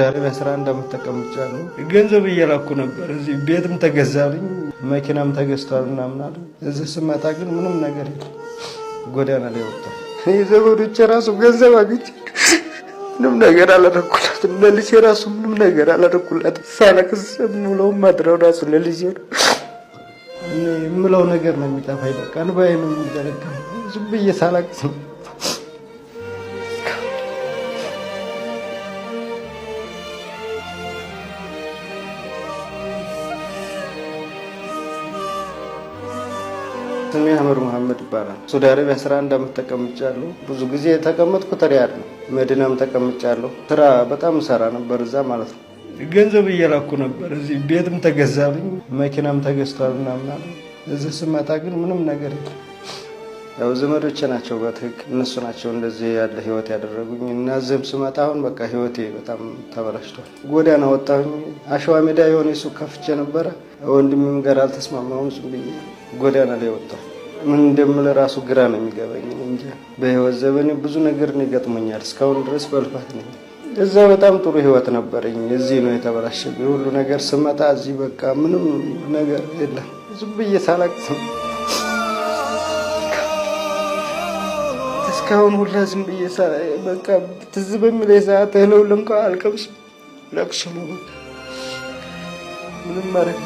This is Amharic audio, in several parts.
ዳሬ በስራ እንደምጠቀም ብቻለሁ። ገንዘብ እየላኩ ነበር። እዚህ ቤትም ተገዛልኝ፣ መኪናም ተገዝቷል ምናምን አለ። እዚህ ስመጣ ግን ምንም ነገር የለም። ጎዳና ላይ ወጥቷል። የዘመዶቼ ራሱ ገንዘብ አግኝቼ ምንም ነገር አላደረኩላትም። ለልጄ ራሱ ምንም ነገር አላደረኩላትም። ሳለቅስ የምውለው ማድረው ራሱ ለልጄ ነው። የምለው ነገር ነው የሚጠፋኝ። በቃ እንባዬ ነው የሚዘረጋ። ዝም ብዬ ሳለቅስ ነው ስሜ ሀመድ መሐመድ ይባላል። ሳውዲ አረቢያ 11 ዓመት ተቀምጫለሁ። ብዙ ጊዜ የተቀመጥኩት ሪያድ ነው። መዲናም ተቀምጫለሁ። ስራ በጣም ሰራ ነበር እዛ ማለት ነው። ገንዘብ እየላኩ ነበር። እዚህ ቤትም ተገዛልኝ፣ መኪናም ተገዝቷል ምናምን። እዚህ ስመጣ ግን ምንም ነገር የለም። ያው ዘመዶቼ ናቸው በትክክል እነሱ ናቸው እንደዚህ ያለ ህይወት ያደረጉኝ እና እዚህም ስመጣ አሁን በቃ ህይወቴ በጣም ተበላሽቷል። ጎዳና ወጣሁኝ። አሸዋ ሜዳ የሆነ ሱቅ ከፍቼ ነበረ። ወንድሜም ጋር አልተስማማሁም። ዝም ብዬ ጎዳና ላይ ወጣሁ። ምን እንደምል ራሱ ግራ ነው የሚገባኝ እንጂ በህይወት ዘመኔ ብዙ ነገር ነው ይገጥሞኛል። እስካሁን ድረስ በልፋት ነኝ። እዛ በጣም ጥሩ ህይወት ነበረኝ። እዚህ ነው የተበላሸ ሁሉ ነገር። ስመጣ እዚህ በቃ ምንም ነገር የለም። ዝም ብዬ ሳላቅስ እስካሁን ሁላ ዝም ብዬ በቃ ትዝ በሚለኝ ሰዓት እህለውን እንኳ አልቀምስ ለቅሶ ነው ምንም ማረግ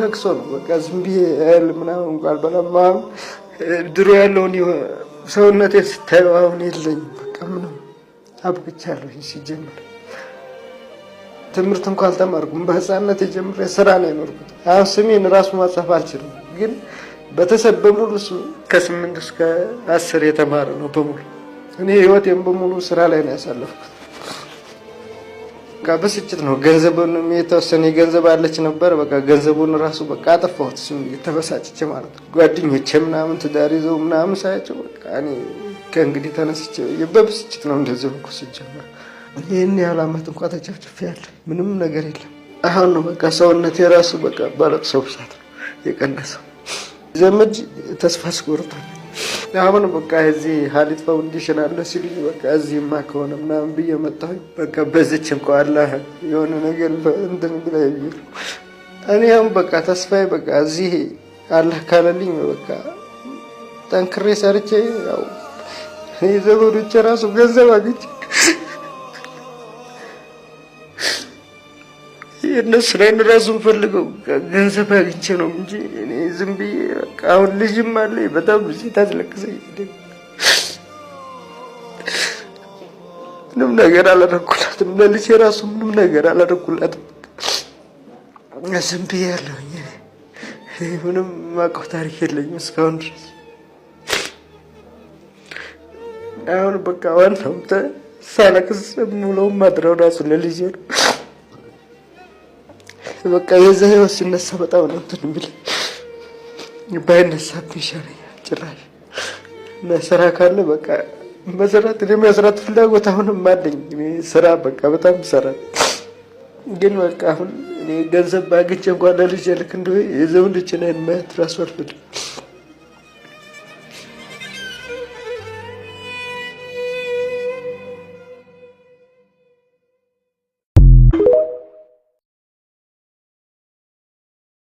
ለቅሶ ነው በቃ ዝም ብዬ ያል ምናምን እንኳ አልበላም። ድሮ ያለውን ሰውነቴ ስታየው አሁን የለኝም። በቃ ምንም አብቅቻለሁ። ሲጀምር ትምህርት እንኳ አልተማርኩም። በህፃነት የጀምሬ ስራ ነው የኖርኩት። አሁን ስሜን ራሱ ማጻፍ አልችልም። ግን በሙሉ እሱ ከስምንት እስከ አስር የተማረ ነው በሙሉ። እኔ ህይወቴም በሙሉ ስራ ላይ ነው ያሳለፍኩት። ብስጭት ነው። ገንዘቡን የተወሰነ ገንዘብ አለች ነበር። በቃ ገንዘቡን ራሱ በቃ አጠፋሁት የተበሳጭች ማለት ነው። ጓደኞቼ ምናምን ትዳር ይዘው ምናምን ሳያቸው በቃ እኔ ከእንግዲህ ተነስቼ በብስጭት ነው እንደዚህ እኮ ስጀምር ይህን ያህል አመት እንኳ ተጨፍጭፍ ያለ ምንም ነገር የለም። አሁን ነው በቃ ሰውነት የራሱ በቃ ባለቅሶ ብዛት ነው የቀነሰው። ዘመድ ተስፋ አስቆርቷል። አሁን በቃ እዚህ ሀሊት ፋውንዴሽን አለ ሲሉኝ በቃ እዚህማ ከሆነ ምናምን ብዬ መጣሁ። በቃ በዚች እንኳ አለ የሆነ ነገር እንትን ብላ እኔ አሁን በቃ ተስፋዬ በቃ እዚህ አለ ካለልኝ በቃ ጠንክሬ ሰርቼ ያው የዘመዶቼ ራሱ ገንዘብ አግኝቼ የእነሱ ላይ እራሱ ፈልገው ገንዘብ አግኝቼ ነው እንጂ እኔ ዝም ብዬ በቃ አሁን ልጅም አለ በጣም ልጅ ታስለቅሰኝ ምንም ነገር አላደረኩላትም። ለልጅ የራሱ ምንም ነገር አላደረኩላትም። ዝም ብዬ ያለሁኝ ምንም ማቀው ታሪክ የለኝም እስካሁን ድረስ። አሁን በቃ ዋናው ሳለቅስ የምውለው ማድረው ራሱ ለልጅ ነው። በቃ የዛ ህይወት ሲነሳ በጣም ነው እንትን የሚል ባይነሳብኝ ይሻለኛል። ጭራሽ እና ስራ ካለ በቃ መስራት እኔም የመስራት ፍላጎት አሁንም አለኝ። ስራ በቃ በጣም ሰራ ግን በቃ አሁን ገንዘብ አግኝቼ እንኳን ለልጅ ልክ እንደ የዘውን ልጅ ነን ማየት ራሱ አልፈልግም።